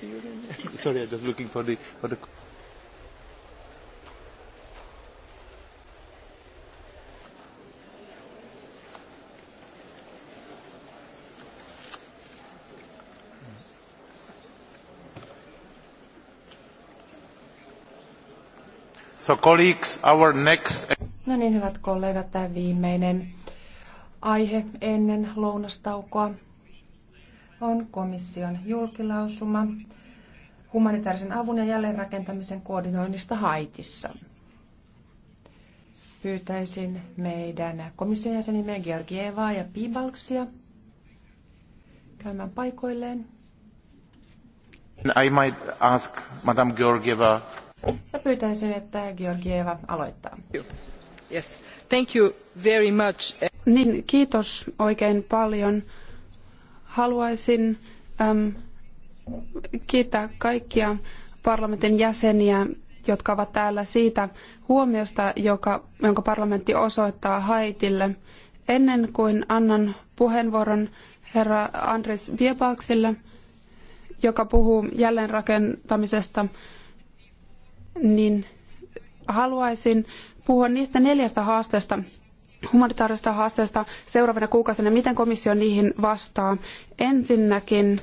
theorem? Sorry, I'm just looking for the, for the So colleagues, our next... No niin, hyvät kollegat, tämä viimeinen aihe ennen lounastaukoa on komission julkilausuma humanitaarisen avun ja jälleenrakentamisen koordinoinnista Haitissa. Pyytäisin meidän komission jäsenimme Georgievaa ja Pibalksia käymään paikoilleen. I might ask Madame Georgieva. Ja pyytäisin, että Georgieva aloittaa. Yes. Thank you very much. Niin, kiitos oikein paljon. Haluaisin äm, kiittää kaikkia parlamentin jäseniä, jotka ovat täällä siitä huomiosta, joka, jonka parlamentti osoittaa Haitille. Ennen kuin annan puheenvuoron herra Andres Viebaksille, joka puhuu jälleenrakentamisesta, niin haluaisin puhua niistä neljästä haasteesta, humanitaarisista haasteista seuraavina kuukausina. Miten komissio niihin vastaa? Ensinnäkin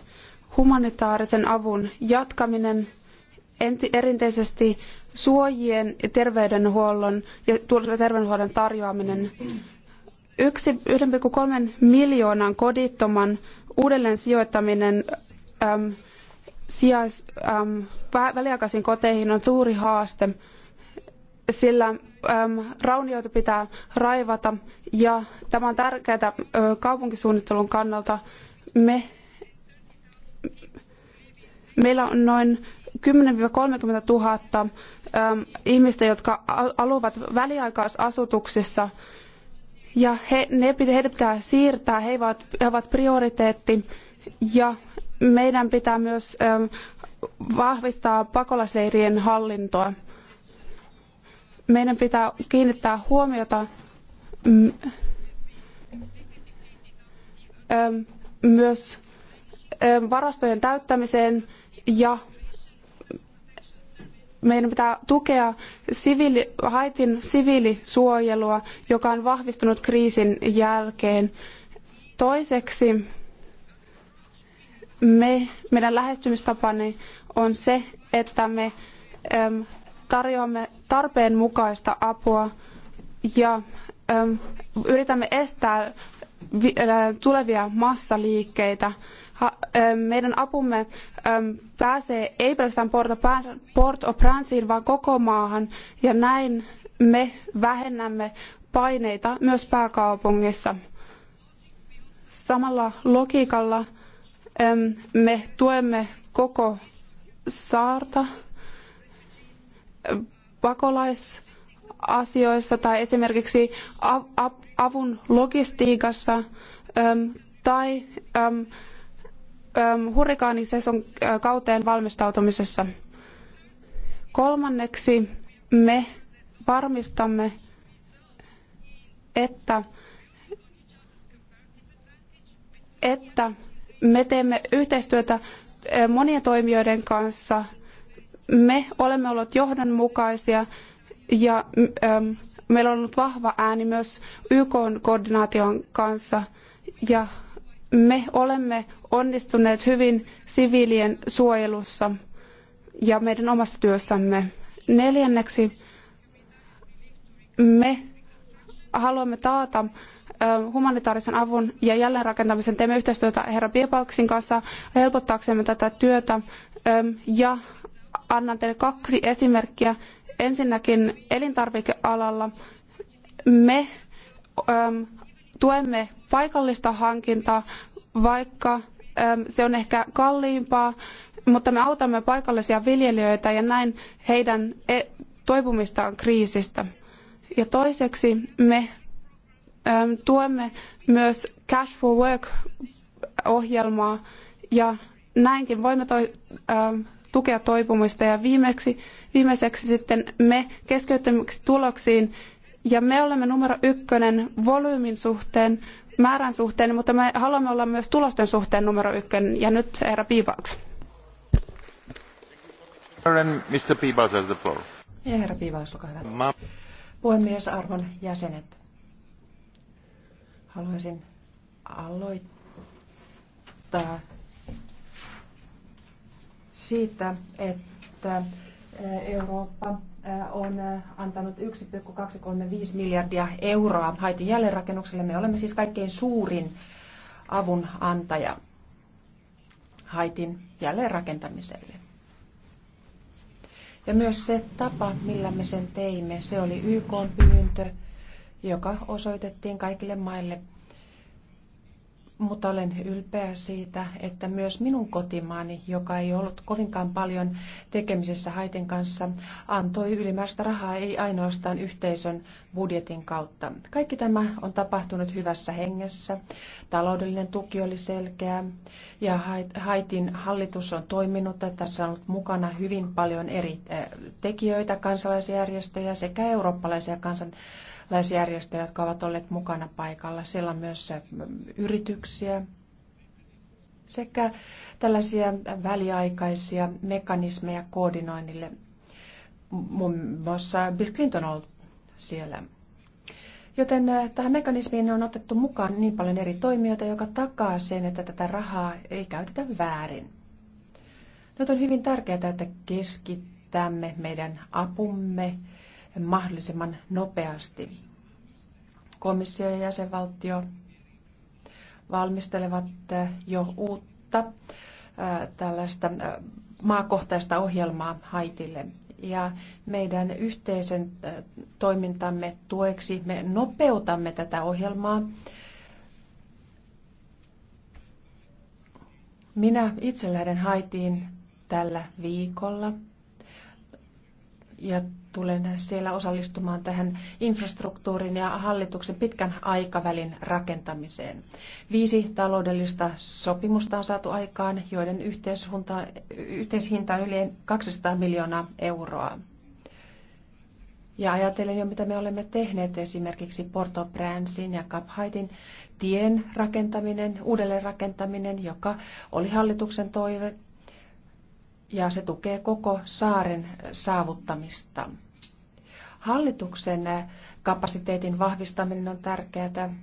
humanitaarisen avun jatkaminen erinteisesti suojien ja terveydenhuollon ja terveydenhuollon tarjoaminen. Yksi 1,3 miljoonan kodittoman uudelleen sijoittaminen äm, sijais, äm, väliaikaisiin koteihin on suuri haaste sillä äm, raunioita pitää raivata ja tämä on tärkeää äh, kaupunkisuunnittelun kannalta. Me, meillä on noin 10 kolmekymmentä 000 ähm, ihmistä, jotka asuvat väliaikaisasutuksissa ja he, ne, heidät pitää siirtää, he ovat, he ovat prioriteetti ja meidän pitää myös ähm, vahvistaa pakolaisleirien hallintoa meidän pitää kiinnittää huomiota mm, myös varastojen täyttämiseen ja meidän pitää tukea siviili, Haitin siviilisuojelua, joka on vahvistunut kriisin jälkeen. Toiseksi me, meidän lähestymistapamme on se, että me äm, tarjoamme tarpeen mukaista apua ja ähm, yritämme estää äh, tulevia massaliikkeitä. Ähm, meidän apumme ähm, pääsee ei pelkästään port au Princeen, vaan koko maahan, ja näin me vähennämme paineita myös pääkaupungissa. Samalla logiikalla me tuemme koko saarta pakolaisasioissa tai esimerkiksi avun logistiikassa tai hurrikaanisesonkin kauteen valmistautumisessa. Kolmanneksi me varmistamme, että, että me teemme yhteistyötä monien toimijoiden kanssa me olemme olleet johdonmukaisia ja ähm, meillä on ollut vahva ääni myös YK-koordinaation kanssa ja me olemme onnistuneet hyvin siviilien suojelussa ja meidän omassa työssämme. Neljänneksi me haluamme taata ähm, humanitaarisen avun ja jälleenrakentamisen. Teemme yhteistyötä herra Biebalksin kanssa helpottaaksemme tätä työtä ähm, ja annan teille kaksi esimerkkiä. Ensinnäkin elintarvikealalla me äm, tuemme paikallista hankintaa, vaikka äm, se on ehkä kalliimpaa, mutta me autamme paikallisia viljelijöitä ja näin heidän e- toipumistaan kriisistä. Ja toiseksi me äm, tuemme myös Cash for Work-ohjelmaa ja näinkin voimme toi, ähm, tukea toipumista. Ja viimeksi, viimeiseksi sitten me keskeyttämiseksi tuloksiin, ja me olemme numero ykkönen volyymin suhteen, määrän suhteen, mutta me haluamme olla myös tulosten suhteen numero ykkönen. Ja nyt herra Piivaks. Mr. Peebles has the floor. Ja herra Piivaks, olkaa hyvä. Ma- Puhemies, arvon jäsenet. Haluaisin aloittaa siitä, että eh, Eurooppa eh, on eh, antanut 1,235 miljardia euroa Haitin jälleenrakennukselle. Me olemme siis kaikkein suurin avunantaja Haitin jälleenrakentamiselle. Ja myös se tapa, millä me sen teimme, se oli YK pyyntö, joka osoitettiin kaikille maille mutta olen ylpeä siitä, että myös minun kotimaani, joka ei ollut kovinkaan paljon tekemisessä haiten kanssa, antoi ylimääräistä rahaa ei ainoastaan yhteisön budjetin kautta. Kaikki tämä on tapahtunut hyvässä hengessä. Taloudellinen tuki oli selkeä ja Haitin hallitus on toiminut. Tässä on ollut mukana hyvin paljon eri eh, tekijöitä, kansalaisjärjestöjä sekä eurooppalaisia kansan kansalaisjärjestöjä, jotka ovat olleet mukana paikalla. Siellä on myös yrityksiä sekä tällaisia väliaikaisia mekanismeja koordinoinnille. Muun muassa Bill Clinton on ollut siellä. Joten tähän mekanismiin on otettu mukaan niin paljon eri toimijoita, joka takaa sen, että tätä rahaa ei käytetä väärin. Nyt on hyvin tärkeää, että keskittämme meidän apumme mahdollisimman nopeasti. Komissio ja jäsenvaltio valmistelevat äh, jo uutta äh, tällaista äh, maakohtaista ohjelmaa Haitille. Ja meidän yhteisen toimintamme tueksi me nopeutamme tätä ohjelmaa. Minä itse lähden Haitiin tällä viikolla ja tulen siellä osallistumaan tähän infrastruktuurin ja hallituksen pitkän aikavälin rakentamiseen. Viisi taloudellista sopimusta on saatu aikaan, joiden yhteishinta on yli 200 miljoonaa euroa. Ja ajatellen jo, mitä me olemme tehneet, esimerkiksi Porto Bransin ja Cap tien rakentaminen, uudelleen rakentaminen, joka oli hallituksen toive, ja se tukee koko saaren saavuttamista. Hallituksen eh, kapasiteetin vahvistaminen on tärkeää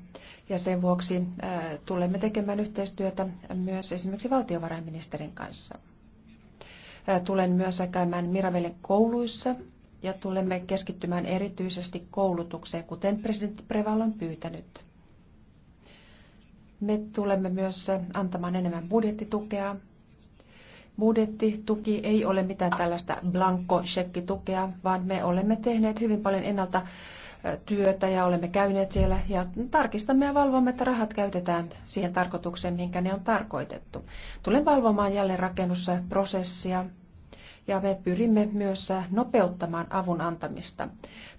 ja sen vuoksi eh, tulemme tekemään yhteistyötä myös esimerkiksi valtiovarainministerin kanssa. Eh, tulen myös käymään Miravelen kouluissa ja tulemme keskittymään erityisesti koulutukseen, kuten presidentti Preval on pyytänyt. Me tulemme myös antamaan enemmän budjettitukea tuki ei ole mitään tällaista blanko tukea vaan me olemme tehneet hyvin paljon ennalta työtä ja olemme käyneet siellä ja tarkistamme ja valvomme, että rahat käytetään siihen tarkoitukseen, minkä ne on tarkoitettu. Tulen valvomaan jälleen rakennussa prosessia ja me pyrimme myös nopeuttamaan avun antamista.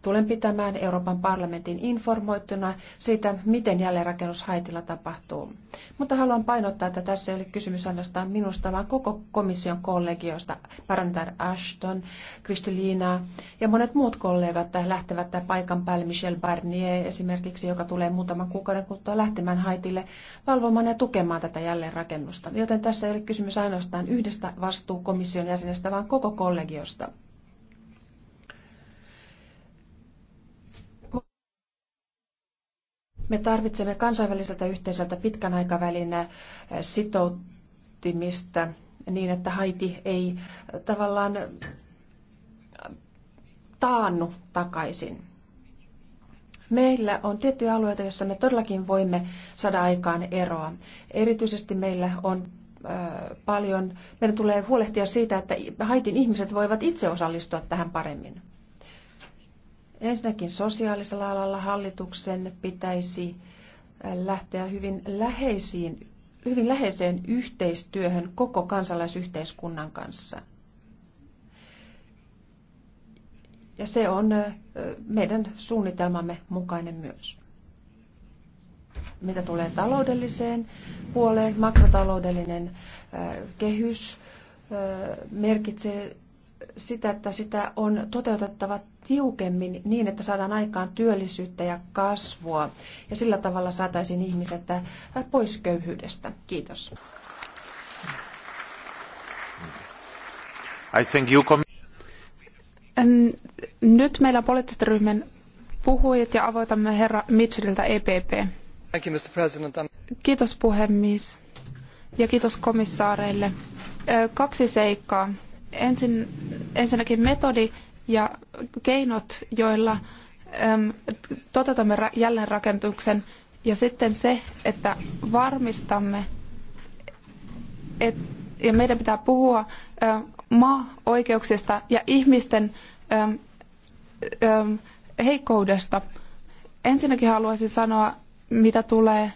Tulen pitämään Euroopan parlamentin informoituna siitä, miten jälleenrakennus Haitilla tapahtuu. Mutta haluan painottaa, että tässä ei ole kysymys ainoastaan minusta, vaan koko komission kollegioista Parantar Ashton, Kristiliina ja monet muut kollegat lähtevät paikan päälle. Michel Barnier esimerkiksi, joka tulee muutaman kuukauden kuluttua lähtemään Haitille valvomaan ja tukemaan tätä jälleenrakennusta. Joten tässä ei ole kysymys ainoastaan yhdestä vastuukomission jäsenestä, vaan koko kollegiosta. Me tarvitsemme kansainväliseltä yhteisöltä pitkän aikavälin eh, sitoutumista niin, että Haiti ei eh, tavallaan eh, taannu takaisin. Meillä on tiettyjä alueita, joissa me todellakin voimme saada aikaan eroa. Erityisesti meillä on paljon. Meidän tulee huolehtia siitä, että Haitin ihmiset voivat itse osallistua tähän paremmin. Ensinnäkin sosiaalisella alalla hallituksen pitäisi lähteä hyvin, läheisiin, hyvin läheiseen yhteistyöhön koko kansalaisyhteiskunnan kanssa. Ja se on meidän suunnitelmamme mukainen myös mitä tulee taloudelliseen puoleen, makrotaloudellinen kehys merkitsee sitä, että sitä on toteutettava tiukemmin niin, että saadaan aikaan työllisyyttä ja kasvua. Ja sillä tavalla saataisiin ihmiset pois köyhyydestä. Kiitos. I think you Nyt meillä poliittisten ryhmän puhujat ja avoitamme herra Mitchelliltä EPP. Kiitos puhemies ja kiitos komissaareille. Kaksi seikkaa. Ensin, ensinnäkin metodi ja keinot, joilla äm, toteutamme ra- jälleenrakentuksen ja sitten se, että varmistamme, et, ja meidän pitää puhua ö, maa-oikeuksista ja ihmisten ö, ö, heikkoudesta. Ensinnäkin haluaisin sanoa, mitä tulee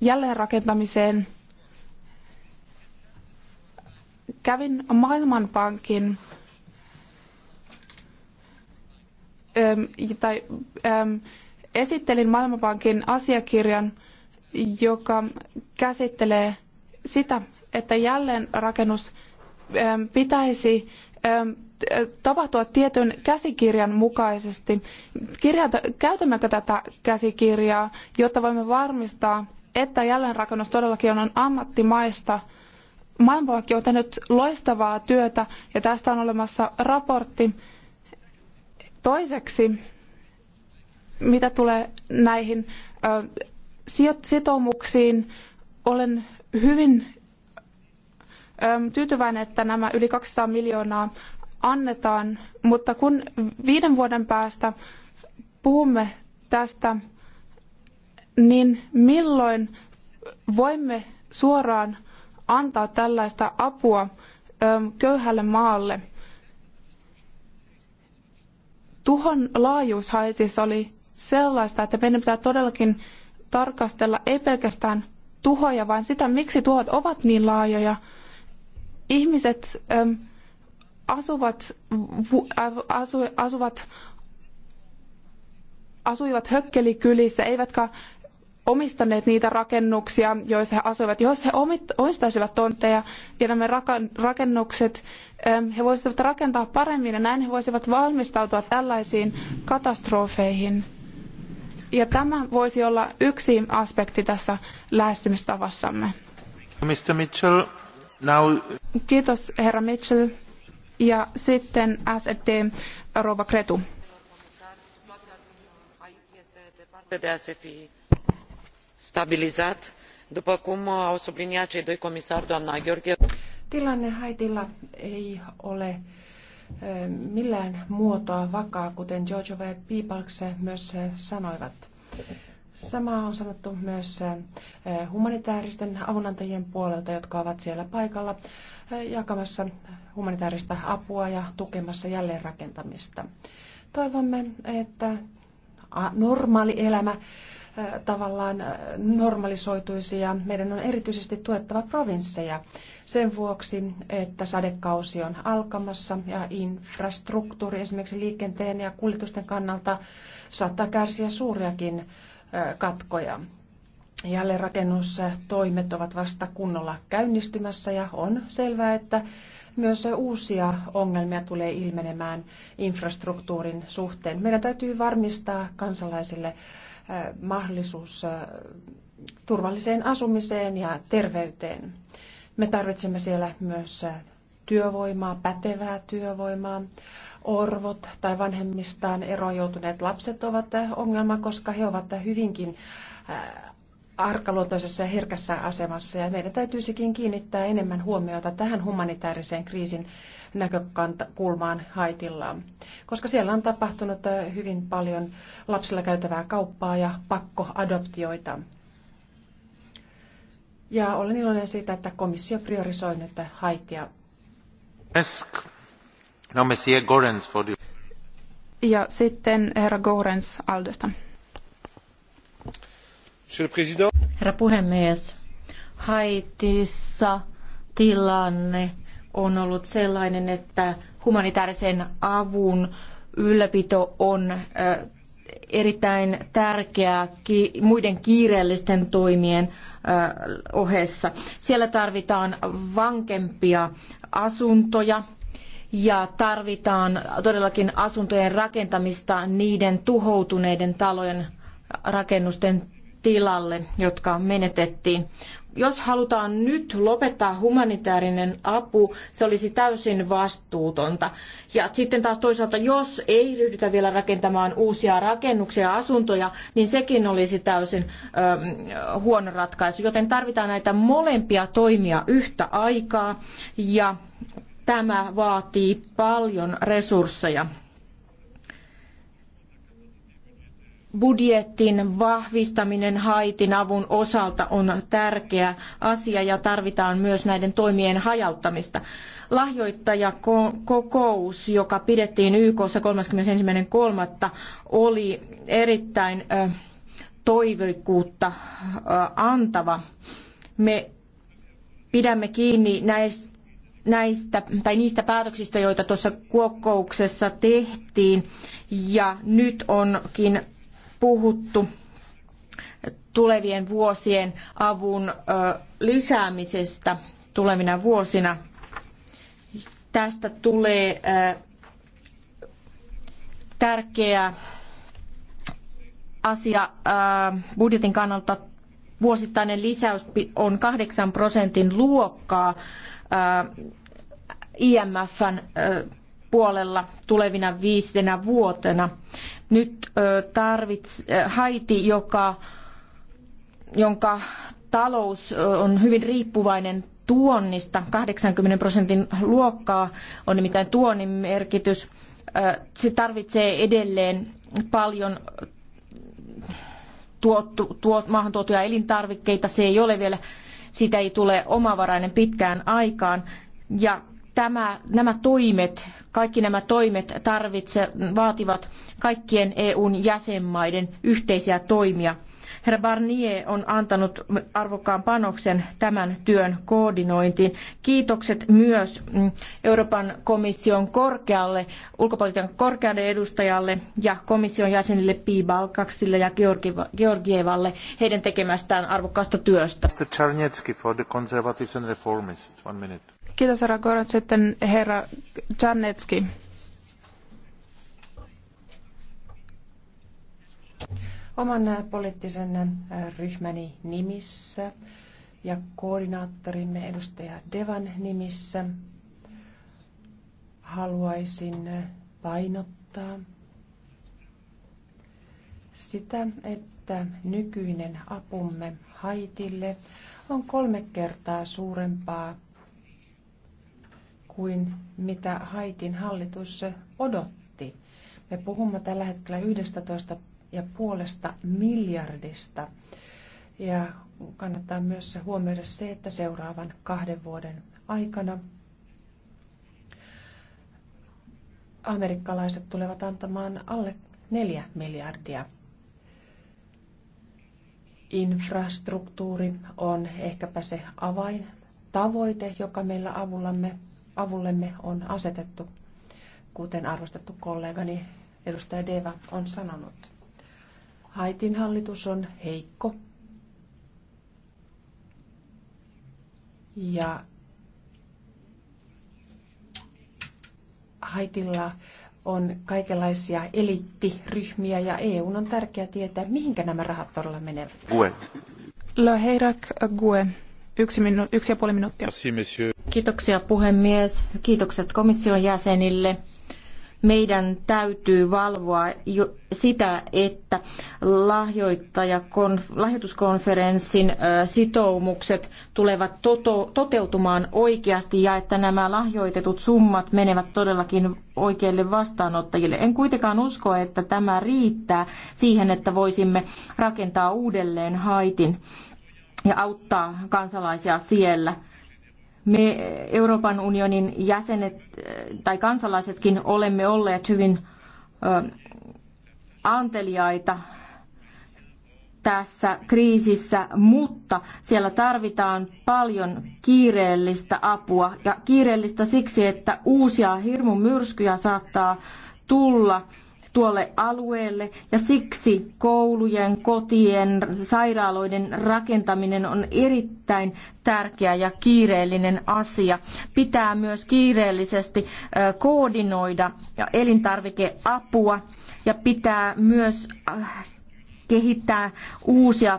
jälleenrakentamiseen, kävin Maailmanpankin tai esittelin Maailmanpankin asiakirjan, joka käsittelee sitä, että jälleenrakennus pitäisi tapahtua tietyn käsikirjan mukaisesti. Kirjata, käytämmekö tätä käsikirjaa, jotta voimme varmistaa, että jälleenrakennus todellakin on ammattimaista. Maailmanpankki on tehnyt loistavaa työtä ja tästä on olemassa raportti. Toiseksi, mitä tulee näihin sitoumuksiin, olen hyvin tyytyväinen, että nämä yli 200 miljoonaa annetaan, mutta kun viiden vuoden päästä puhumme tästä, niin milloin voimme suoraan antaa tällaista apua köyhälle maalle? Tuhon laajuus Haitissa oli sellaista, että meidän pitää todellakin tarkastella ei pelkästään tuhoja, vaan sitä, miksi tuhot ovat niin laajoja – ihmiset ähm, asuvat, äh, asu, asuvat asuivat hökkelikylissä, eivätkä omistaneet niitä rakennuksia, joissa he asuivat. Jos he omistaisivat tontteja ja nämä rakennukset, ähm, he voisivat rakentaa paremmin ja näin he voisivat valmistautua tällaisiin katastrofeihin. Ja tämä voisi olla yksi aspekti tässä lähestymistavassamme. Mr. Mitchell, Now... Kiitos herra Mitchell. Ja sitten SD Rova Kretu. de a stabilizat după cum au subliniat cei doi comisari doamna georgieva tilanne haitilla ei ole eh, millään muotoa vakaa kuten georgieva ja piebalgs myös eh, sanoivat. Sama on sanottu myös humanitaaristen avunantajien puolelta, jotka ovat siellä paikalla jakamassa humanitaarista apua ja tukemassa jälleenrakentamista. Toivomme, että normaali elämä tavallaan normalisoituisi ja meidän on erityisesti tuettava provinsseja sen vuoksi, että sadekausi on alkamassa ja infrastruktuuri esimerkiksi liikenteen ja kuljetusten kannalta saattaa kärsiä suuriakin katkoja. Jälleenrakennustoimet ovat vasta kunnolla käynnistymässä ja on selvää, että myös uusia ongelmia tulee ilmenemään infrastruktuurin suhteen. Meidän täytyy varmistaa kansalaisille mahdollisuus turvalliseen asumiseen ja terveyteen. Me tarvitsemme siellä myös työvoimaa, pätevää työvoimaa. Orvot tai vanhemmistaan eroon joutuneet lapset ovat ongelma, koska he ovat hyvinkin äh, arkaluontoisessa ja herkässä asemassa ja meidän täytyisikin kiinnittää enemmän huomiota tähän humanitaariseen kriisin näkökulmaan haitillaan, koska siellä on tapahtunut äh, hyvin paljon lapsilla käytävää kauppaa ja pakkoadoptioita. Ja olen iloinen siitä, että komissio priorisoi nyt Haitia ja sitten herra Gorens Aldesta. Herra puhemies, Haitissa tilanne on ollut sellainen, että humanitaarisen avun ylläpito on erittäin tärkeää muiden kiireellisten toimien ohessa. Siellä tarvitaan vankempia asuntoja ja tarvitaan todellakin asuntojen rakentamista niiden tuhoutuneiden talojen rakennusten tilalle, jotka menetettiin jos halutaan nyt lopettaa humanitaarinen apu, se olisi täysin vastuutonta. Ja sitten taas toisaalta, jos ei ryhdytä vielä rakentamaan uusia rakennuksia ja asuntoja, niin sekin olisi täysin ö, huono ratkaisu. Joten tarvitaan näitä molempia toimia yhtä aikaa ja tämä vaatii paljon resursseja. budjetin vahvistaminen Haitin avun osalta on tärkeä asia ja tarvitaan myös näiden toimien hajauttamista. Lahjoittajakokous, joka pidettiin YKssa 31.3. oli erittäin toiveikkuutta antava. Me pidämme kiinni näistä, tai niistä päätöksistä, joita tuossa kokouksessa tehtiin, ja nyt onkin puhuttu tulevien vuosien avun lisäämisestä tulevina vuosina. Tästä tulee tärkeä asia budjetin kannalta. Vuosittainen lisäys on 8 prosentin luokkaa IMFn puolella tulevina viisinä vuotena. Nyt tarvits, Haiti, joka, jonka talous on hyvin riippuvainen tuonnista, 80 prosentin luokkaa on nimittäin tuonnin merkitys. Se tarvitsee edelleen paljon tuottu, tuot, maahan tuotuja elintarvikkeita. Se ei ole vielä, siitä ei tule omavarainen pitkään aikaan. Ja tämä, nämä toimet, kaikki nämä toimet tarvitse, vaativat kaikkien EUn jäsenmaiden yhteisiä toimia. Herra Barnier on antanut arvokkaan panoksen tämän työn koordinointiin. Kiitokset myös mm, Euroopan komission korkealle, ulkopolitiikan korkealle edustajalle ja komission jäsenille Piibalkaksille ja Georgievalle heidän tekemästään arvokkaasta työstä. Mr. Czarniecki for the Conservatives and Reformists. One minute. Kiitos herra Goran. Sitten herra Oman äh, poliittisen äh, ryhmäni nimissä ja koordinaattorimme edustaja Devan nimissä haluaisin äh, painottaa sitä, että nykyinen apumme Haitille on kolme kertaa suurempaa kuin mitä Haitin hallitus odotti. Me puhumme tällä hetkellä toista ja puolesta miljardista. Ja kannattaa myös huomioida se, että seuraavan kahden vuoden aikana amerikkalaiset tulevat antamaan alle 4 miljardia. Infrastruktuuri on ehkäpä se avain tavoite, joka meillä avullamme avullemme on asetettu, kuten arvostettu kollegani edustaja Deva on sanonut. Haitin hallitus on heikko ja Haitilla on kaikenlaisia elittiryhmiä ja EU on tärkeää tietää, mihinkä nämä rahat todella menevät. Gue. Le Heirak Gue. Yksi, minu- yksi ja puoli minuuttia. Merci, monsieur. Kiitoksia puhemies. Kiitokset komission jäsenille. Meidän täytyy valvoa sitä, että lahjoituskonferenssin sitoumukset tulevat toteutumaan oikeasti ja että nämä lahjoitetut summat menevät todellakin oikeille vastaanottajille. En kuitenkaan usko, että tämä riittää siihen, että voisimme rakentaa uudelleen Haitin ja auttaa kansalaisia siellä – me Euroopan unionin jäsenet eh, tai kansalaisetkin olemme olleet hyvin anteliaita tässä kriisissä, mutta siellä tarvitaan paljon kiireellistä apua. Ja kiireellistä siksi, että uusia hirmumyrskyjä saattaa tulla tuolle alueelle ja siksi koulujen, kotien, sairaaloiden rakentaminen on erittäin tärkeä ja kiireellinen asia. Pitää myös kiireellisesti koordinoida elintarvikeapua ja pitää myös äh, kehittää uusia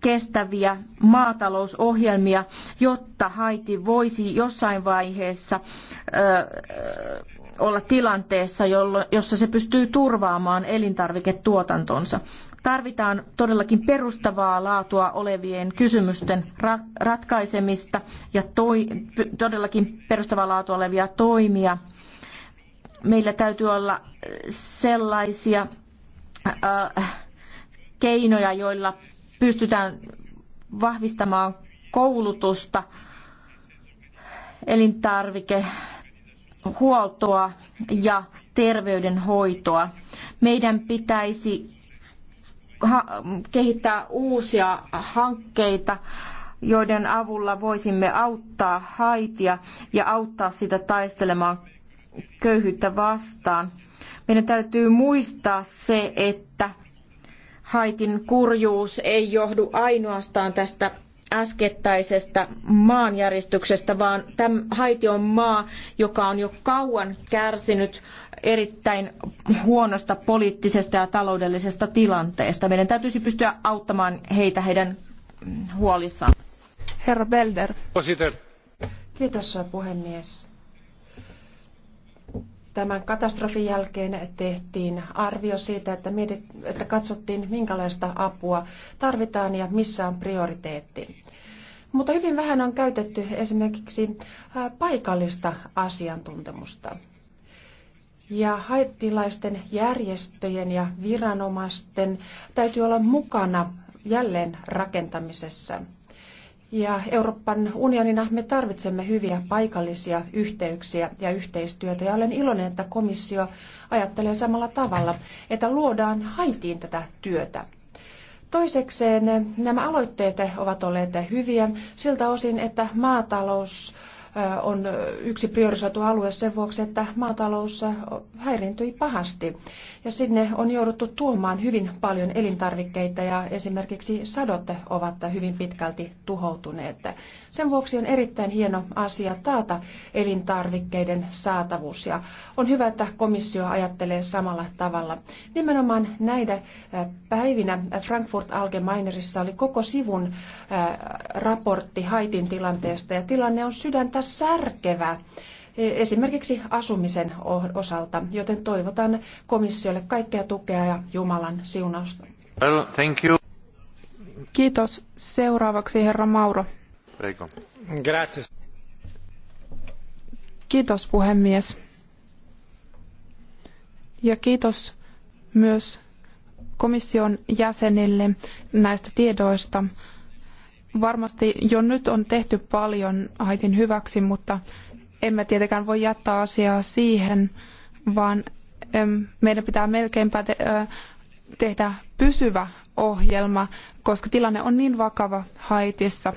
kestäviä maatalousohjelmia, jotta Haiti voisi jossain vaiheessa ö, olla tilanteessa, jossa se pystyy turvaamaan elintarviketuotantonsa. Tarvitaan todellakin perustavaa laatua olevien kysymysten ratkaisemista ja toi, todellakin perustavaa laatua olevia toimia. Meillä täytyy olla sellaisia äh, keinoja, joilla pystytään vahvistamaan koulutusta elintarvike huoltoa ja terveydenhoitoa. Meidän pitäisi kehittää uusia hankkeita, joiden avulla voisimme auttaa Haitia ja auttaa sitä taistelemaan köyhyyttä vastaan. Meidän täytyy muistaa se, että Haitin kurjuus ei johdu ainoastaan tästä äskettäisestä maanjäristyksestä, vaan tämä Haiti on maa, joka on jo kauan kärsinyt erittäin huonosta poliittisesta ja taloudellisesta tilanteesta. Meidän täytyisi pystyä auttamaan heitä heidän mm, huolissaan. Herra Belder. Kiitos puhemies. Tämän katastrofin jälkeen tehtiin arvio siitä, että, mietit, että katsottiin, minkälaista apua tarvitaan ja missä on prioriteetti. Mutta hyvin vähän on käytetty esimerkiksi paikallista asiantuntemusta. Ja haittilaisten järjestöjen ja viranomaisten täytyy olla mukana jälleen rakentamisessa. Ja Euroopan unionina me tarvitsemme hyviä paikallisia yhteyksiä ja yhteistyötä. Ja olen iloinen, että komissio ajattelee samalla tavalla, että luodaan haitiin tätä työtä. Toisekseen nämä aloitteet ovat olleet hyviä siltä osin, että maatalous on yksi priorisoitu alue sen vuoksi, että maatalous häiriintyi pahasti. Ja sinne on jouduttu tuomaan hyvin paljon elintarvikkeita ja esimerkiksi sadot ovat hyvin pitkälti tuhoutuneet. Sen vuoksi on erittäin hieno asia taata elintarvikkeiden saatavuus ja on hyvä, että komissio ajattelee samalla tavalla. Nimenomaan näinä päivinä Frankfurt Allgemeinerissa oli koko sivun raportti Haitin tilanteesta ja tilanne on sydäntä aika särkevä e, esimerkiksi asumisen osalta, joten toivotan komissiolle kaikkea tukea ja Jumalan siunausta. Well, thank you. Kiitos. Seuraavaksi herra Mauro. Reiko. Grazie. Kiitos puhemies. Ja kiitos myös komission jäsenille näistä tiedoista. Varmasti jo nyt on tehty paljon Haitin hyväksi, mutta emme tietenkään voi jättää asiaa siihen, vaan meidän pitää melkeinpä tehdä pysyvä ohjelma, koska tilanne on niin vakava Haitissa.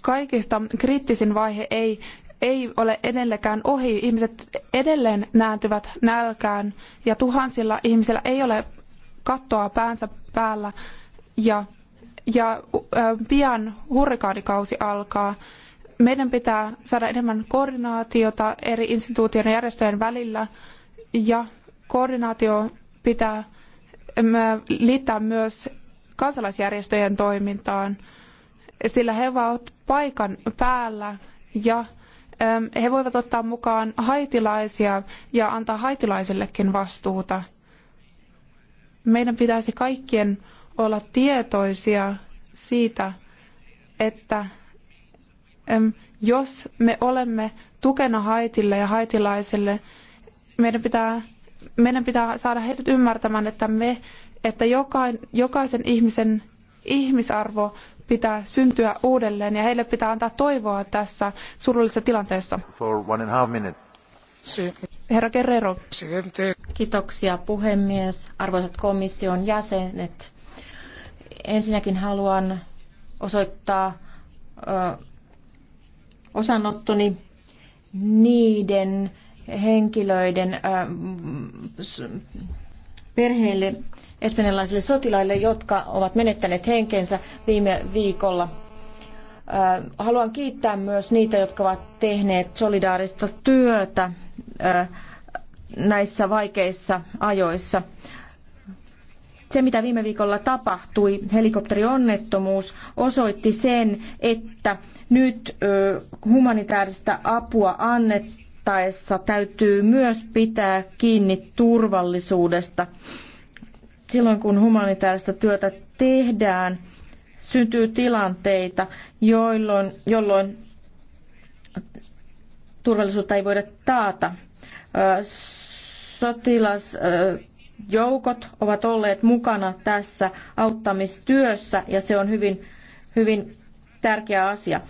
Kaikista kriittisin vaihe ei, ei ole edelleenkään ohi. Ihmiset edelleen nääntyvät nälkään ja tuhansilla ihmisillä ei ole kattoa päänsä päällä ja, ja pian hurrikaanikausi alkaa. Meidän pitää saada enemmän koordinaatiota eri instituutioiden ja järjestöjen välillä ja koordinaatio pitää liittää myös kansalaisjärjestöjen toimintaan, sillä he ovat paikan päällä ja he voivat ottaa mukaan haitilaisia ja antaa haitilaisillekin vastuuta meidän pitäisi kaikkien olla tietoisia siitä, että jos me olemme tukena haitille ja haitilaisille, meidän pitää, meidän pitää saada heidät ymmärtämään, että, me, että jokaisen ihmisen ihmisarvo pitää syntyä uudelleen ja heille pitää antaa toivoa tässä surullisessa tilanteessa. For one and a half minute. Herra Guerrero. Kiitoksia puhemies, arvoisat komission jäsenet. Ensinnäkin haluan osoittaa ö, osanottoni niiden henkilöiden ö, perheille, espanjalaisille sotilaille, jotka ovat menettäneet henkensä viime viikolla Haluan kiittää myös niitä, jotka ovat tehneet solidaarista työtä näissä vaikeissa ajoissa. Se, mitä viime viikolla tapahtui, helikopterionnettomuus, osoitti sen, että nyt humanitaarista apua annettaessa täytyy myös pitää kiinni turvallisuudesta. Silloin kun humanitaarista työtä tehdään, syntyy tilanteita, jolloin, jolloin turvallisuutta ei voida taata. Sotilasjoukot ovat olleet mukana tässä auttamistyössä ja se on hyvin, hyvin tärkeä asia.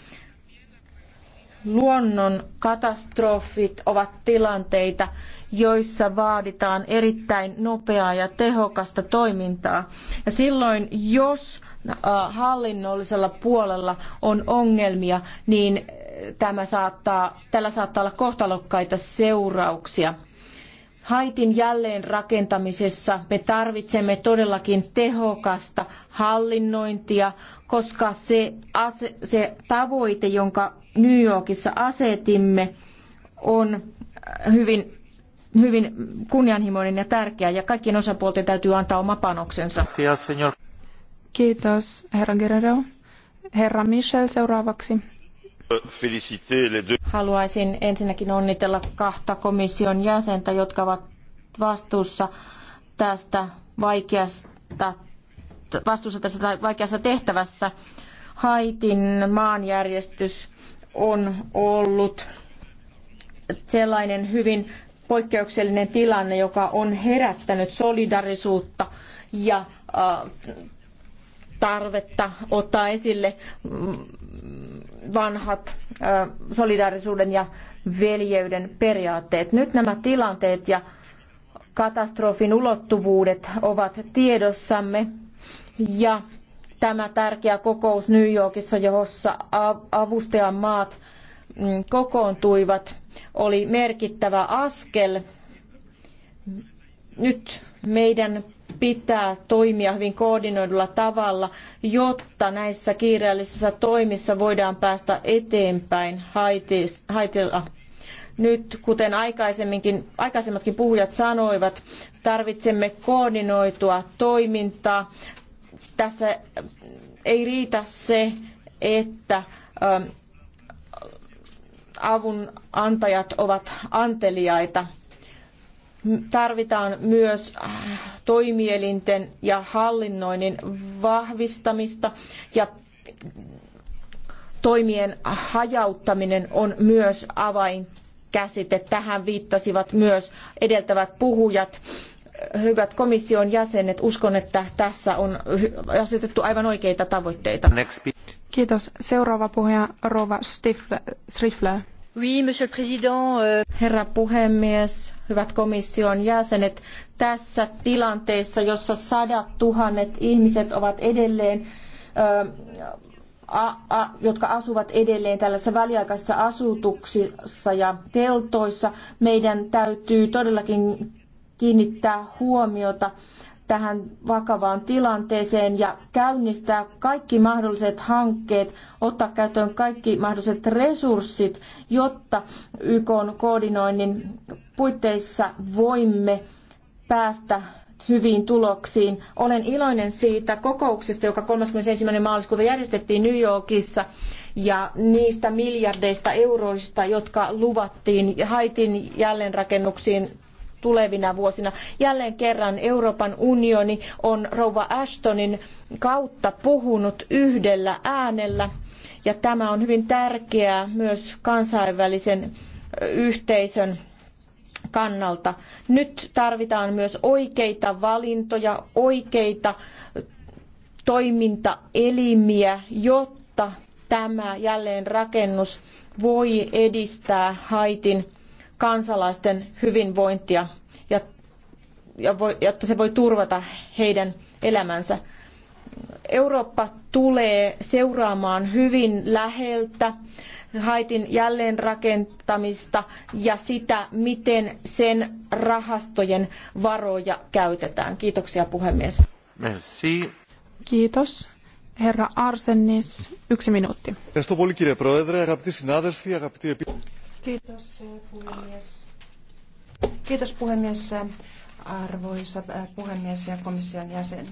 Luonnon katastrofit ovat tilanteita, joissa vaaditaan erittäin nopeaa ja tehokasta toimintaa. Ja silloin, jos äh, hallinnollisella puolella on ongelmia, niin äh, tämä saattaa, tällä saattaa olla kohtalokkaita seurauksia. Haitin jälleenrakentamisessa me tarvitsemme todellakin tehokasta hallinnointia, koska se, se tavoite, jonka New Yorkissa asetimme, on hyvin, hyvin kunnianhimoinen ja tärkeä, ja kaikkien osapuolten täytyy antaa oma panoksensa. Kiitos, herra Guerrero. Herra Michel seuraavaksi. Haluaisin ensinnäkin onnitella kahta komission jäsentä, jotka ovat vastuussa tästä vaikeasta, vastuussa tässä vaikeassa tehtävässä. Haitin maanjärjestys on ollut sellainen hyvin poikkeuksellinen tilanne, joka on herättänyt solidarisuutta ja äh, tarvetta ottaa esille mm, vanhat äh, solidaarisuuden ja veljeyden periaatteet. Nyt nämä tilanteet ja katastrofin ulottuvuudet ovat tiedossamme ja tämä tärkeä kokous New Yorkissa, jossa avustajan maat mm, kokoontuivat, oli merkittävä askel. Nyt meidän pitää toimia hyvin koordinoidulla tavalla, jotta näissä kiireellisissä toimissa voidaan päästä eteenpäin haitilla. Nyt, kuten aikaisemminkin, aikaisemmatkin puhujat sanoivat, tarvitsemme koordinoitua toimintaa, tässä ei riitä se, että ähm, avun antajat ovat anteliaita. Tarvitaan myös äh, toimielinten ja hallinnoinnin vahvistamista ja toimien hajauttaminen on myös avainkäsite. Tähän viittasivat myös edeltävät puhujat hyvät komission jäsenet, uskon, että tässä on asetettu aivan oikeita tavoitteita. Kiitos. Seuraava puhuja Rova Strifler. Oui, monsieur le président. Euh- Herra puhemies, hyvät komission jäsenet, tässä tilanteessa, jossa sadat tuhannet ihmiset ovat edelleen A, a, jotka asuvat edelleen tällaisessa väliaikaisessa asutuksissa ja teltoissa. Meidän täytyy todellakin kiinnittää huomiota tähän vakavaan tilanteeseen ja käynnistää kaikki mahdolliset hankkeet, ottaa käyttöön kaikki mahdolliset resurssit, jotta YK koordinoinnin puitteissa voimme päästä hyviin tuloksiin. Olen iloinen siitä kokouksesta, joka 31. maaliskuuta järjestettiin New Yorkissa ja niistä miljardeista euroista, jotka luvattiin Haitin jälleenrakennuksiin tulevina vuosina. Jälleen kerran Euroopan unioni on rouva Ashtonin kautta puhunut yhdellä äänellä ja tämä on hyvin tärkeää myös kansainvälisen yhteisön kannalta. Nyt tarvitaan myös oikeita valintoja, oikeita toimintaelimiä, jotta tämä jälleenrakennus voi edistää Haitin kansalaisten hyvinvointia ja, ja voi, jotta se voi turvata heidän elämänsä. Eurooppa tulee seuraamaan hyvin läheltä Haitin jälleenrakentamista ja sitä, miten sen rahastojen varoja käytetään. Kiitoksia puhemies. Merci. Kiitos. Herra Arsenis, yksi minuutti. Kiitos puhemies. Kiitos puhemies, arvoisa äh, puhemies ja komission jäsen.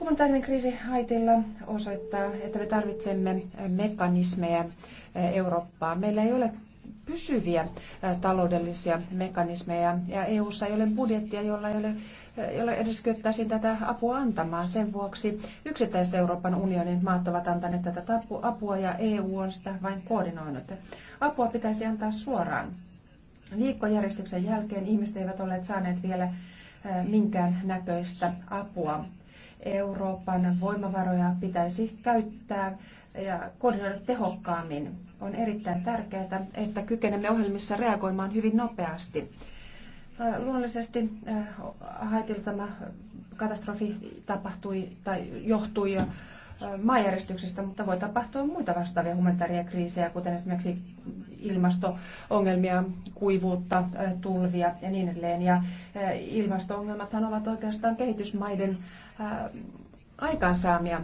Humanitaarinen kriisi Haitilla osoittaa, että me tarvitsemme mekanismeja äh, Eurooppaan. Meillä ei ole pysyviä taloudellisia mekanismeja ja EU:ssa ei ole budjettia, jolla ei ole, jolla edes kyettäisiin tätä apua antamaan. Sen vuoksi yksittäiset Euroopan unionin maat ovat antaneet tätä apua ja EU on sitä vain koordinoinut. Apua pitäisi antaa suoraan. Viikkojärjestyksen jälkeen ihmiset eivät olleet saaneet vielä minkään näköistä apua. Euroopan voimavaroja pitäisi käyttää ja koordinoida tehokkaammin on erittäin tärkeää, että kykenemme ohjelmissa reagoimaan hyvin nopeasti. Luonnollisesti Haitilla tämä katastrofi tapahtui tai johtui maanjäristyksestä, mutta voi tapahtua muita vastaavia humanitaaria kriisejä, kuten esimerkiksi ilmastoongelmia, kuivuutta, tulvia ja niin edelleen. Ja ilmasto-ongelmathan ovat oikeastaan kehitysmaiden aikaansaamia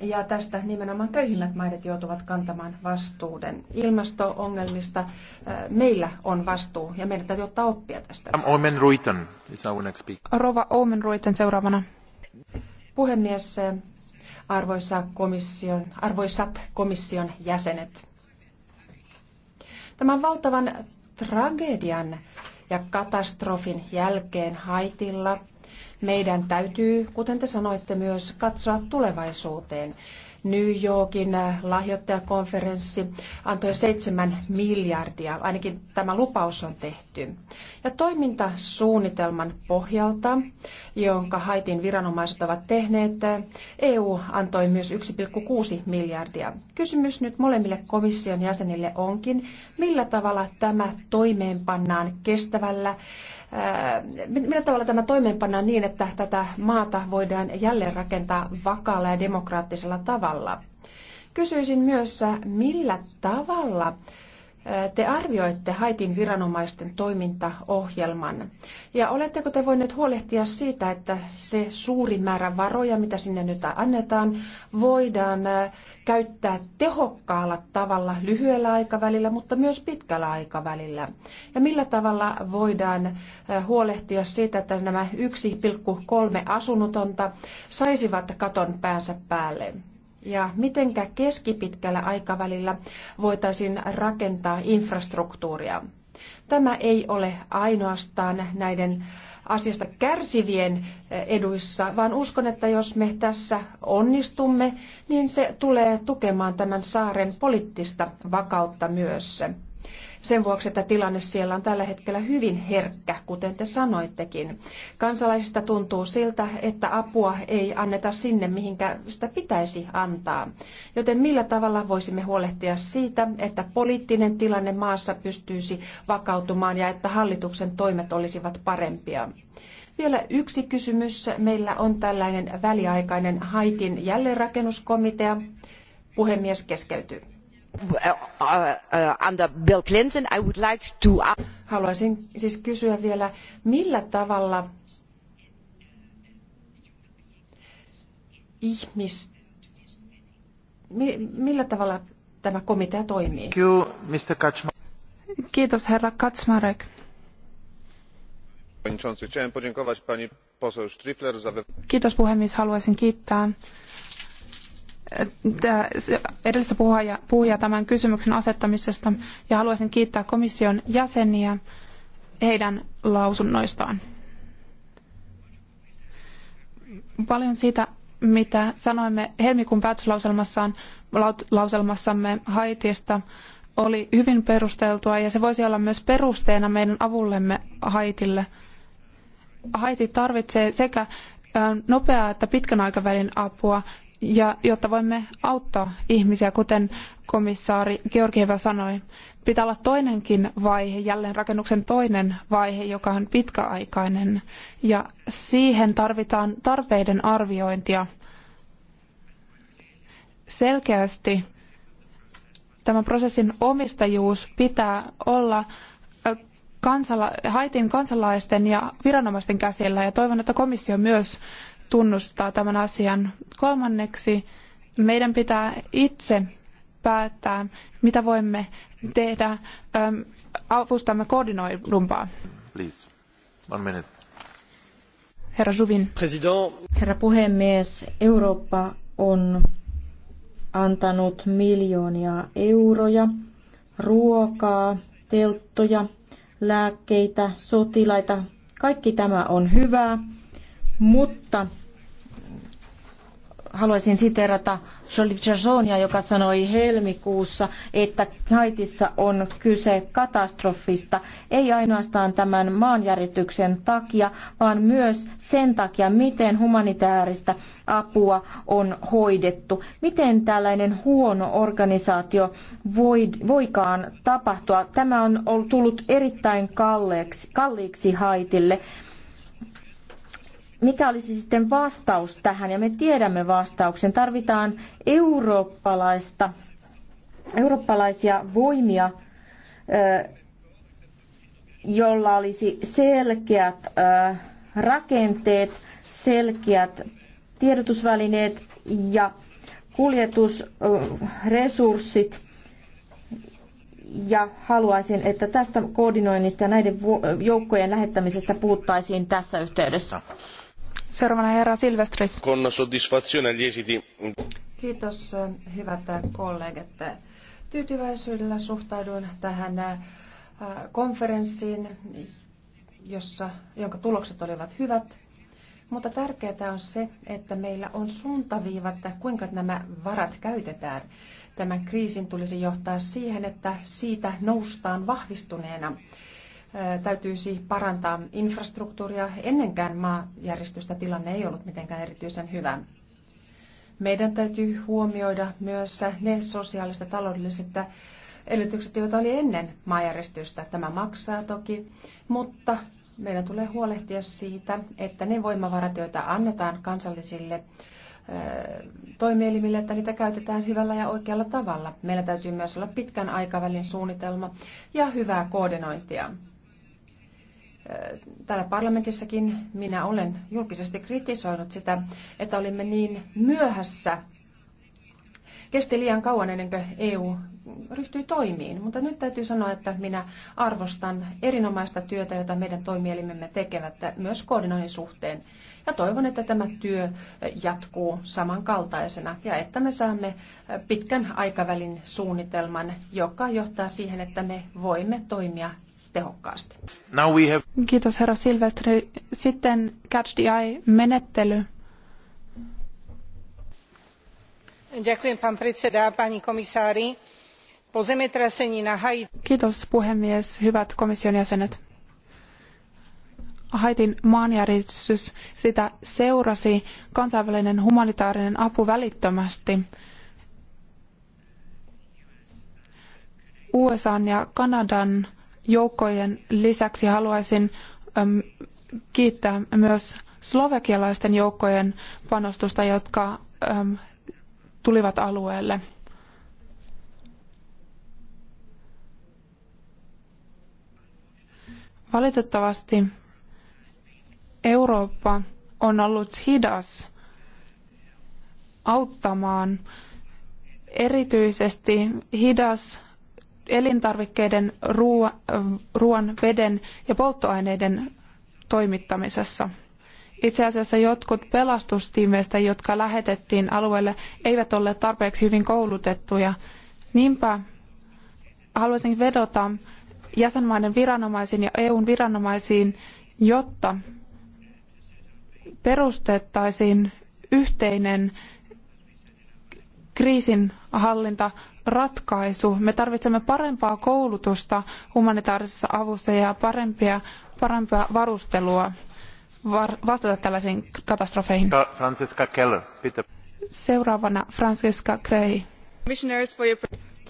ja tästä nimenomaan köyhimmät maidet joutuvat kantamaan vastuuden. Ilmasto-ongelmista äh, meillä on vastuu ja meidän täytyy ottaa oppia tästä. Omen Ruiten, is our next speaker. Rova Omen Ruiten seuraavana. Puhemies, arvoisa komission, arvoisat komission jäsenet. Tämän valtavan tragedian ja katastrofin jälkeen Haitilla – meidän täytyy, kuten te sanoitte, myös katsoa tulevaisuuteen. New Yorkin äh, lahjoittajakonferenssi antoi 7 miljardia, ainakin tämä lupaus on tehty. Ja toimintasuunnitelman pohjalta, jonka Haitin viranomaiset ovat tehneet, äh, EU antoi myös 1,6 miljardia. Kysymys nyt molemmille komission jäsenille onkin, millä tavalla tämä toimeenpannaan kestävällä millä tavalla tämä toimeenpannaan niin, että tätä maata voidaan jälleen rakentaa vakaalla ja demokraattisella tavalla? Kysyisin myös, millä tavalla te arvioitte Haitin viranomaisten toimintaohjelman? Ja oletteko te voineet huolehtia siitä, että se suuri määrä varoja, mitä sinne nyt annetaan, voidaan käyttää tehokkaalla tavalla lyhyellä aikavälillä, mutta myös pitkällä aikavälillä? Ja millä tavalla voidaan huolehtia siitä, että nämä 1,3 asunnotonta saisivat katon päänsä päälle? ja mitenkä keskipitkällä aikavälillä voitaisiin rakentaa infrastruktuuria. Tämä ei ole ainoastaan näiden asiasta kärsivien eh, eduissa, vaan uskon, että jos me tässä onnistumme, niin se tulee tukemaan tämän saaren poliittista vakautta myös sen vuoksi, että tilanne siellä on tällä hetkellä hyvin herkkä, kuten te sanoittekin. Kansalaisista tuntuu siltä, että apua ei anneta sinne, mihinkä sitä pitäisi antaa. Joten millä tavalla voisimme huolehtia siitä, että poliittinen tilanne maassa pystyisi vakautumaan ja että hallituksen toimet olisivat parempia? Vielä yksi kysymys. Meillä on tällainen väliaikainen Haitin jälleenrakennuskomitea. Puhemies keskeytyy. Uh, uh, under Bill Clinton, I would like to... Haluaisin siis kysyä vielä, millä tavalla ihmis... Millä tavalla tämä komitea toimii? Thank you, Mr. Kaczmarek. Kiitos, herra Kaczmarek. Kiitos puhemies, haluaisin kiittää edellistä puhujaa, puhujaa tämän kysymyksen asettamisesta ja haluaisin kiittää komission jäseniä heidän lausunnoistaan. Paljon siitä, mitä sanoimme helmikuun päätöslauselmassamme Haitista, oli hyvin perusteltua ja se voisi olla myös perusteena meidän avullemme Haitille. Haiti tarvitsee sekä nopeaa että pitkän aikavälin apua ja jotta voimme auttaa ihmisiä, kuten komissaari Georgieva sanoi, pitää olla toinenkin vaihe, jälleenrakennuksen toinen vaihe, joka on pitkäaikainen, ja siihen tarvitaan tarpeiden arviointia. Selkeästi tämän prosessin omistajuus pitää olla kansala- Haitin kansalaisten ja viranomaisten käsillä, ja toivon, että komissio myös tunnustaa tämän asian. Kolmanneksi meidän pitää itse päättää, mitä voimme tehdä ähm, avustamme koordinoidumpaa. Please. One minute. Herra Suvin. President. Herra puhemies, Eurooppa on antanut miljoonia euroja, ruokaa, telttoja, lääkkeitä, sotilaita. Kaikki tämä on hyvää mutta haluaisin siterata Jolie Chazonia, joka sanoi helmikuussa, että Haitissa on kyse katastrofista, ei ainoastaan tämän maanjärjestyksen takia, vaan myös sen takia, miten humanitaarista apua on hoidettu. Miten tällainen huono organisaatio voi, voikaan tapahtua? Tämä on tullut erittäin kalliiksi, kalliiksi Haitille mikä olisi sitten vastaus tähän, ja me tiedämme vastauksen. Tarvitaan eurooppalaista, eurooppalaisia voimia, jolla olisi selkeät rakenteet, selkeät tiedotusvälineet ja kuljetusresurssit. Ja haluaisin, että tästä koordinoinnista ja näiden joukkojen lähettämisestä puhuttaisiin tässä yhteydessä. Seuraavana herra Silvestris. Kiitos hyvät kollegat. Tyytyväisyydellä suhtauduin tähän äh, konferenssiin, jossa, jonka tulokset olivat hyvät. Mutta tärkeää on se, että meillä on suuntaviivat, kuinka nämä varat käytetään. Tämän kriisin tulisi johtaa siihen, että siitä noustaan vahvistuneena täytyisi parantaa infrastruktuuria. Ennenkään maajärjestystä tilanne ei ollut mitenkään erityisen hyvä. Meidän täytyy huomioida myös ne sosiaaliset ja taloudelliset edellytykset, joita oli ennen maajärjestystä. Tämä maksaa toki, mutta meidän tulee huolehtia siitä, että ne voimavarat, joita annetaan kansallisille toimielimille, että niitä käytetään hyvällä ja oikealla tavalla. Meillä täytyy myös olla pitkän aikavälin suunnitelma ja hyvää koordinointia täällä parlamentissakin minä olen julkisesti kritisoinut sitä, että olimme niin myöhässä. Kesti liian kauan ennen kuin EU ryhtyi toimiin, mutta nyt täytyy sanoa, että minä arvostan erinomaista työtä, jota meidän toimielimemme tekevät myös koordinoinnin suhteen. Ja toivon, että tämä työ jatkuu samankaltaisena ja että me saamme pitkän aikavälin suunnitelman, joka johtaa siihen, että me voimme toimia tehokkaasti. Now we have... Kiitos herra Silvestri. Sitten Catch the Eye-menettely. pani Kiitos puhemies, hyvät komission jäsenet. Haitin maanjäristys, sitä seurasi kansainvälinen humanitaarinen apu välittömästi. USA ja Kanadan joukkojen lisäksi haluaisin kiittää myös slovakialaisten joukkojen panostusta, jotka tulivat alueelle. Valitettavasti Eurooppa on ollut hidas auttamaan, erityisesti hidas elintarvikkeiden, ruoan, veden ja polttoaineiden toimittamisessa. Itse asiassa jotkut pelastustiimeistä, jotka lähetettiin alueelle, eivät olleet tarpeeksi hyvin koulutettuja. Niinpä haluaisin vedota jäsenmaiden viranomaisiin ja EUn viranomaisiin, jotta perustettaisiin yhteinen kriisinhallinta ratkaisu. Me tarvitsemme parempaa koulutusta humanitaarisessa avussa ja parempia, parempaa varustelua var, vastata tällaisiin katastrofeihin. Francesca Keller, bitte. Seuraavana Francesca Gray.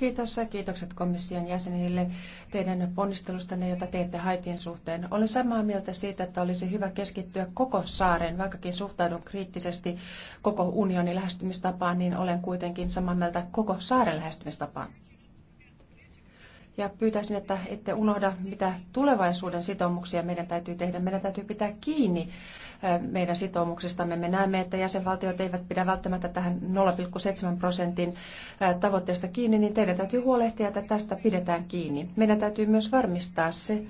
Kiitos ja kiitokset komission jäsenille teidän ponnistelustanne, jota teette Haitien suhteen. Olen samaa mieltä siitä, että olisi hyvä keskittyä koko saareen, vaikkakin suhtaudun kriittisesti koko unionin lähestymistapaan, niin olen kuitenkin samaa mieltä koko saaren lähestymistapaan ja pyytäisin, että ette unohda, mitä tulevaisuuden sitoumuksia meidän täytyy tehdä. Meidän täytyy pitää kiinni meidän sitoumuksistamme. Me näemme, että jäsenvaltiot eivät pidä välttämättä tähän 0,7 prosentin tavoitteesta kiinni, niin teidän täytyy huolehtia, että tästä pidetään kiinni. Meidän täytyy myös varmistaa se,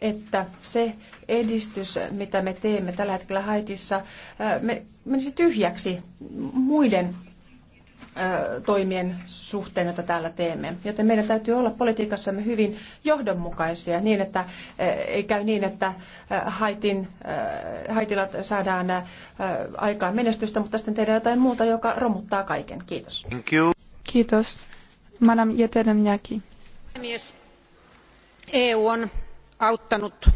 että se edistys, mitä me teemme tällä hetkellä Haitissa, menisi tyhjäksi muiden toimien suhteen, joita täällä teemme. Joten meidän täytyy olla politiikassamme hyvin johdonmukaisia niin, että ei käy niin, että haitin, haitilat saadaan aikaan menestystä, mutta sitten tehdään jotain muuta, joka romuttaa kaiken. Kiitos. Thank you. Kiitos. Madam Jetenemjaki. EU e on auttanut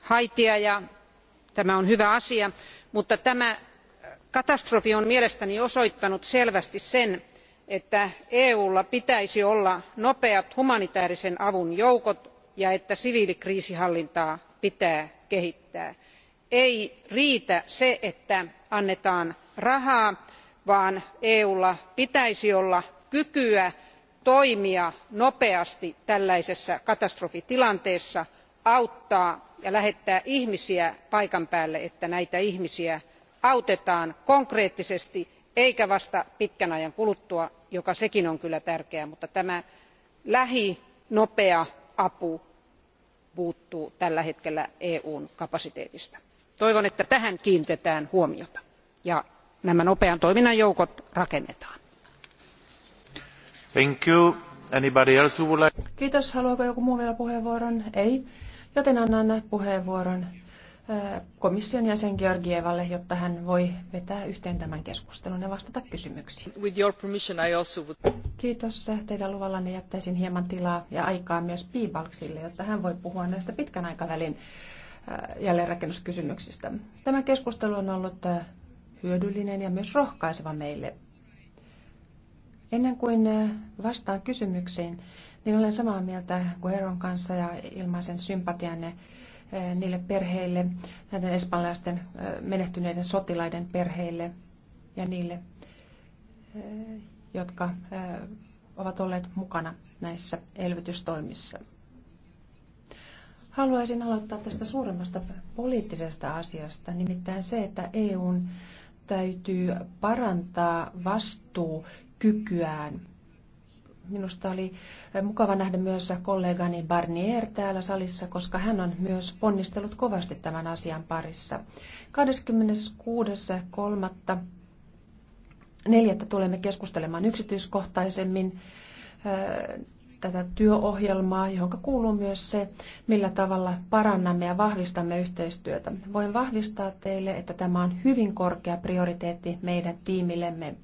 Haitia ja tämä on hyvä asia, mutta tämä katastrofi on mielestäni osoittanut selvästi sen että eu lla pitäisi olla nopeat humanitäärisen avun joukot ja että siviilikriisinhallintaa pitää kehittää. ei riitä se että annetaan rahaa vaan eu lla pitäisi olla kykyä toimia nopeasti tällaisessa katastrofitilanteessa auttaa ja lähettää ihmisiä paikan päälle että näitä ihmisiä autetaan konkreettisesti eikä vasta pitkän ajan kuluttua joka sekin on kyllä tärkeää mutta tämä lähi nopea apu puuttuu tällä hetkellä eu n kapasiteetista. toivon että tähän kiinnitetään huomiota ja nämä nopean toiminnan joukot rakennetaan. Kiitos. Haluaako joku muu vielä puheenvuoron? Ei. Joten annan puheenvuoron komission jäsen Georgievalle, jotta hän voi vetää yhteen tämän keskustelun ja vastata kysymyksiin. With your permission, I also would... Kiitos. Teidän luvallanne jättäisin hieman tilaa ja aikaa myös Piibalksille, jotta hän voi puhua näistä pitkän aikavälin äh, jälleenrakennuskysymyksistä. Tämä keskustelu on ollut äh, hyödyllinen ja myös rohkaiseva meille. Ennen kuin äh, vastaan kysymyksiin, niin olen samaa mieltä kuin Heron kanssa ja ilmaisen sympatianne Eh, niille perheille, näiden espanjalaisten eh, menehtyneiden sotilaiden perheille ja niille, eh, jotka ovat olleet mukana näissä elvytystoimissa. Haluaisin aloittaa tästä suuremmasta poliittisesta asiasta, nimittäin se, että EUn täytyy parantaa vastuukykyään Minusta oli eh, mukava nähdä myös kollegani Barnier täällä salissa, koska hän on myös ponnistellut kovasti tämän asian parissa. 26.3.4. tulemme keskustelemaan yksityiskohtaisemmin eh, tätä työohjelmaa, johon kuuluu myös se, millä tavalla parannamme ja vahvistamme yhteistyötä. Voin vahvistaa teille, että tämä on hyvin korkea prioriteetti meidän tiimillemme.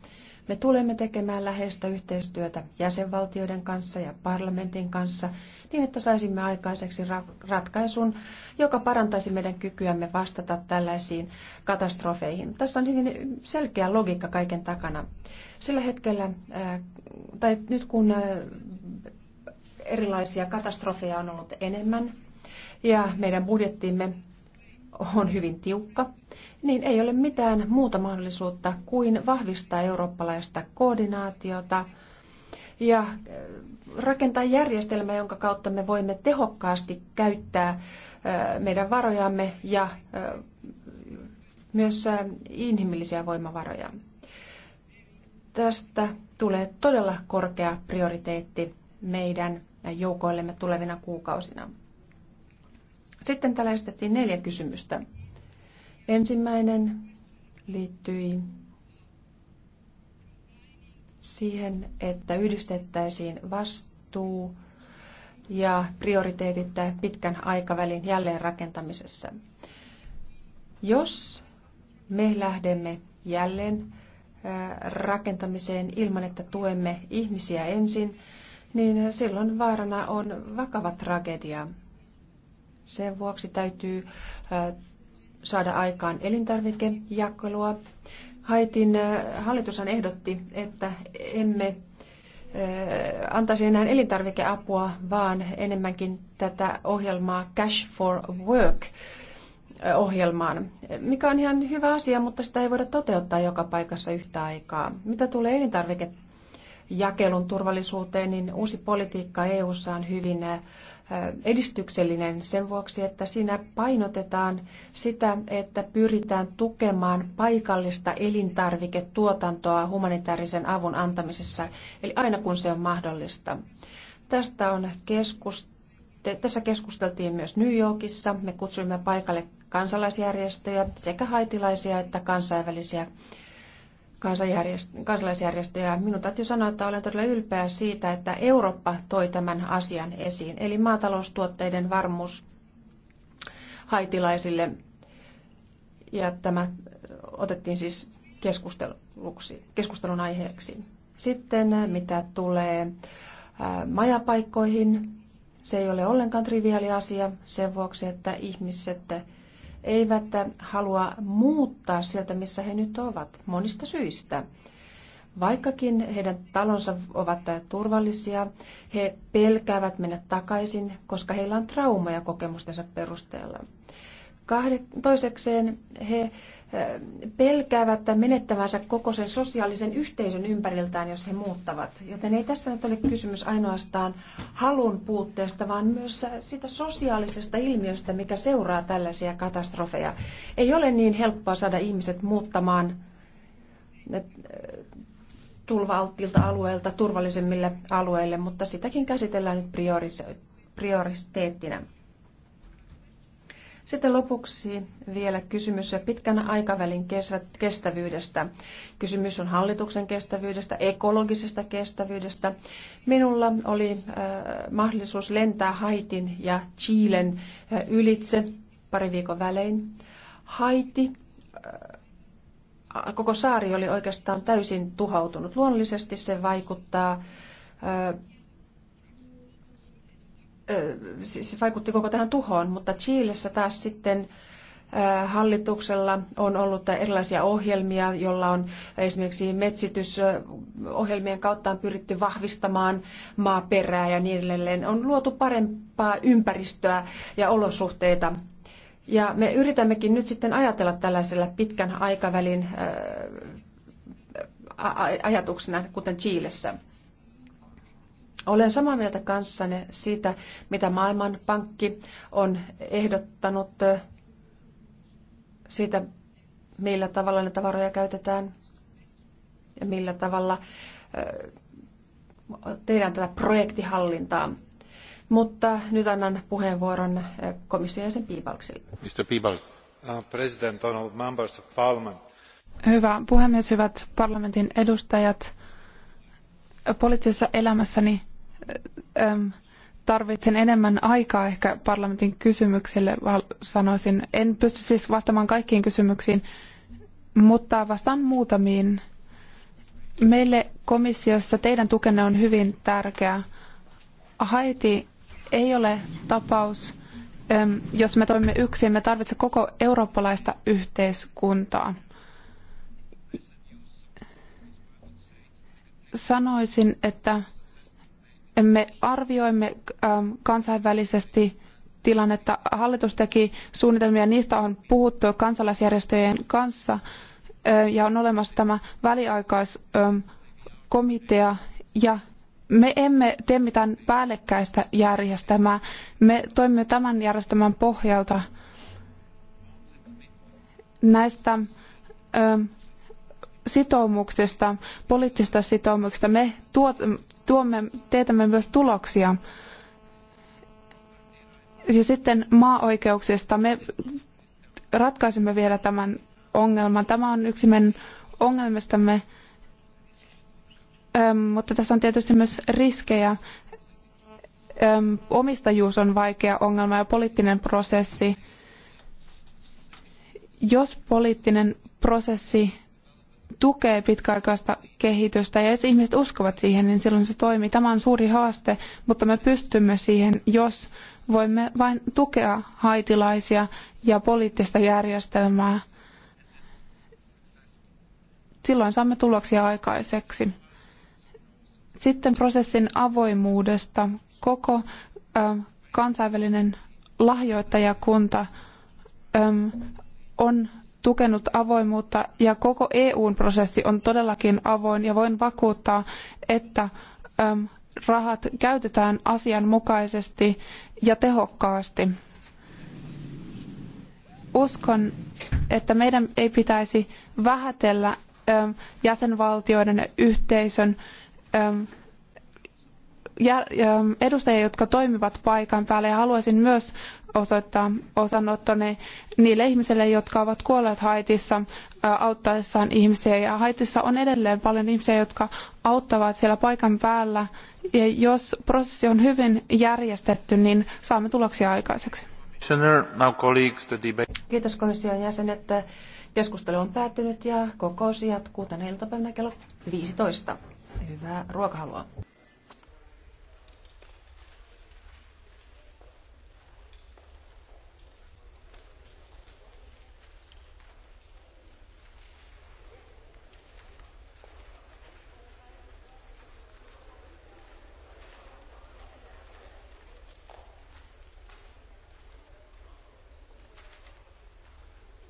Me tulemme tekemään läheistä yhteistyötä jäsenvaltioiden kanssa ja parlamentin kanssa niin, että saisimme aikaiseksi ratkaisun, joka parantaisi meidän kykyämme vastata tällaisiin katastrofeihin. Tässä on hyvin selkeä logiikka kaiken takana. Sillä hetkellä, tai nyt kun erilaisia katastrofeja on ollut enemmän, ja meidän budjettimme on hyvin tiukka, niin ei ole mitään muuta mahdollisuutta kuin vahvistaa eurooppalaista koordinaatiota ja äh, rakentaa järjestelmä, jonka kautta me voimme tehokkaasti käyttää äh, meidän varojamme ja äh, myös inhimillisiä voimavaroja. Tästä tulee todella korkea prioriteetti meidän joukoillemme tulevina kuukausina. Sitten täällä esitettiin neljä kysymystä. Ensimmäinen liittyi siihen, että yhdistettäisiin vastuu ja prioriteetit pitkän aikavälin jälleenrakentamisessa. Jos me lähdemme jälleen rakentamiseen ilman, että tuemme ihmisiä ensin, niin silloin vaarana on vakava tragedia. Sen vuoksi täytyy saada aikaan elintarvikejakelua. Haitin hallitushan ehdotti, että emme antaisi enää elintarvikeapua, vaan enemmänkin tätä ohjelmaa Cash for Work ohjelmaan, mikä on ihan hyvä asia, mutta sitä ei voida toteuttaa joka paikassa yhtä aikaa. Mitä tulee elintarvikejakelun turvallisuuteen, niin uusi politiikka EU:ssa on hyvin edistyksellinen sen vuoksi, että siinä painotetaan sitä, että pyritään tukemaan paikallista elintarviketuotantoa humanitaarisen avun antamisessa, eli aina kun se on mahdollista. Tästä on keskust... tässä keskusteltiin myös New Yorkissa. Me kutsuimme paikalle kansalaisjärjestöjä, sekä haitilaisia että kansainvälisiä kansalaisjärjestöjä. Minun täytyy sanoa, että olen todella ylpeä siitä, että Eurooppa toi tämän asian esiin. Eli maataloustuotteiden varmuus haitilaisille. Ja tämä otettiin siis keskusteluksi, keskustelun aiheeksi. Sitten mitä tulee majapaikkoihin, se ei ole ollenkaan triviaali asia sen vuoksi, että ihmiset eivät halua muuttaa sieltä, missä he nyt ovat, monista syistä. Vaikkakin heidän talonsa ovat turvallisia, he pelkäävät mennä takaisin, koska heillä on traumaja kokemustensa perusteella. Kahde, toisekseen he pelkäävät menettävänsä koko sen sosiaalisen yhteisön ympäriltään, jos he muuttavat. Joten ei tässä nyt ole kysymys ainoastaan halun puutteesta, vaan myös sitä sosiaalisesta ilmiöstä, mikä seuraa tällaisia katastrofeja. Ei ole niin helppoa saada ihmiset muuttamaan äh, tulvaalttilta alueelta turvallisemmille alueille, mutta sitäkin käsitellään nyt prioriteettina. Sitten lopuksi vielä kysymys pitkän aikavälin kestävyydestä. Kysymys on hallituksen kestävyydestä, ekologisesta kestävyydestä. Minulla oli äh, mahdollisuus lentää Haitin ja Chilen äh, ylitse pari viikon välein. Haiti äh, koko saari oli oikeastaan täysin tuhoutunut. Luonnollisesti se vaikuttaa Siis se vaikutti koko tähän tuhoon, mutta Chiilessä taas sitten hallituksella on ollut erilaisia ohjelmia, jolla on esimerkiksi metsitysohjelmien kautta on pyritty vahvistamaan maaperää ja niin edelleen. On luotu parempaa ympäristöä ja olosuhteita. Ja me yritämmekin nyt sitten ajatella tällaisella pitkän aikavälin ajatuksena, kuten Chiilessä. Olen samaa mieltä kanssanne siitä, mitä Maailmanpankki on ehdottanut siitä, millä tavalla näitä varoja käytetään ja millä tavalla tehdään tätä projektihallintaa. Mutta nyt annan puheenvuoron komission jäsen Piibalksille. Mr. Uh, President, members of parliament. Hyvä puhemies, hyvät parlamentin edustajat. Poliittisessa elämässäni tarvitsen enemmän aikaa ehkä parlamentin kysymyksille, sanoisin. En pysty siis vastaamaan kaikkiin kysymyksiin, mutta vastaan muutamiin. Meille komissiossa teidän tukenne on hyvin tärkeää. Haiti ei ole tapaus, jos me toimimme yksin, me tarvitsemme koko eurooppalaista yhteiskuntaa. Sanoisin, että me arvioimme ähm, kansainvälisesti tilannetta. Hallitus teki suunnitelmia, niistä on puhuttu kansalaisjärjestöjen kanssa äh, ja on olemassa tämä väliaikaiskomitea ähm, ja me emme tee mitään päällekkäistä järjestelmää. Me toimimme tämän järjestelmän pohjalta näistä ähm, sitoumuksista, poliittisista sitoumuksista. Me tuot, tuomme, teetämme myös tuloksia. Ja sitten maaoikeuksista me ratkaisemme vielä tämän ongelman. Tämä on yksi meidän ongelmistamme, Öm, mutta tässä on tietysti myös riskejä. Öm, omistajuus on vaikea ongelma ja poliittinen prosessi. Jos poliittinen prosessi tukee pitkäaikaista kehitystä ja jos ihmiset uskovat siihen, niin silloin se toimii. Tämä on suuri haaste, mutta me pystymme siihen, jos voimme vain tukea haitilaisia ja poliittista järjestelmää. Silloin saamme tuloksia aikaiseksi. Sitten prosessin avoimuudesta. Koko kansainvälinen lahjoittajakunta on tukenut avoimuutta ja koko EUn prosessi on todellakin avoin ja voin vakuuttaa, että ähm, rahat käytetään asianmukaisesti ja tehokkaasti. Uskon, että meidän ei pitäisi vähätellä ähm, jäsenvaltioiden ja yhteisön ähm, edustajia, jotka toimivat paikan päällä ja haluaisin myös osoittaa osanottoni niille ihmisille, jotka ovat kuolleet Haitissa auttaessaan ihmisiä. Ja Haitissa on edelleen paljon ihmisiä, jotka auttavat siellä paikan päällä. Ja jos prosessi on hyvin järjestetty, niin saamme tuloksia aikaiseksi. Kiitos komission jäsenet. Keskustelu on päättynyt ja kokous jatkuu tänä iltapäivänä kello 15. Hyvää ruokahalua.